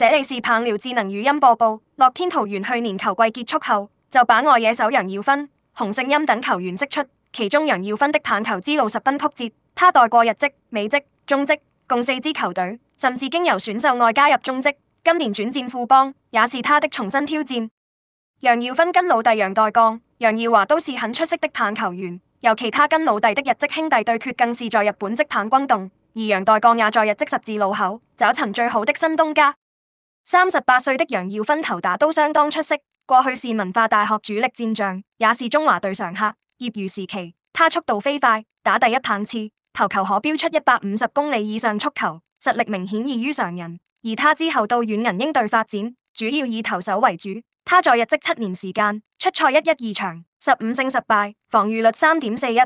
這裡是棒聊智能語音播報。樂天桃猿去年球季結束後，就把外野手陽耀勳、洪聖欽等球員釋出，其中陽耀勳的棒球之路十分曲折，他待過日職、美職、中職，共四支球隊，甚至經由選秀外加入中職。今年轉戰富邦，也是他的重新挑戰。陽耀勳跟老弟陽岱鋼、陽耀華都是很出色的棒球員，尤其他跟老弟的日職兄弟對決更是在日本職棒轟動，而陽岱鋼也在日職十字路口找尋最好的新東家。三十八歲的陽耀勳投打都相當出色，過去是文化大學主力戰將，也是中華隊常客。業餘時期，他速度飛快，打第一棒次，投球可飆出一百五十公里以上速球，實力明顯異於常人。而他之後到軟銀鷹隊發展，主要以投手為主。他在日職七年時間，出賽一一二場，十五勝十敗，防禦率三點四一。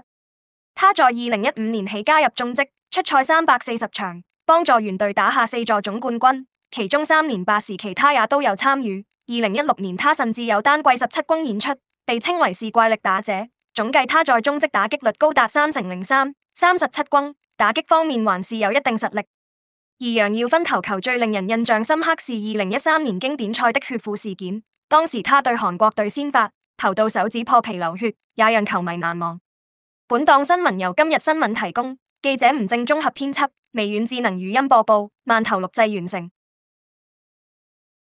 他在二零一五年起加入中職，出賽三百四十場，幫助猿隊打下四座總冠軍。其中三年霸時期，他也都有參與。二零一六年，他甚至有單季十七冠演出，被稱為是怪力打者。總計他在中職打擊率高達三成零三，三十七冠，打擊方面還是有一定實力。而陽耀勳投球最令人印象深刻是二零一三年經典賽的血斧事件，當時他對韓國隊先發，投到手指破皮流血，也讓球迷難忘。本檔新聞由今日新聞提供，記者吳正綜合編輯，微軟智能語音播報，慢頭錄製完成。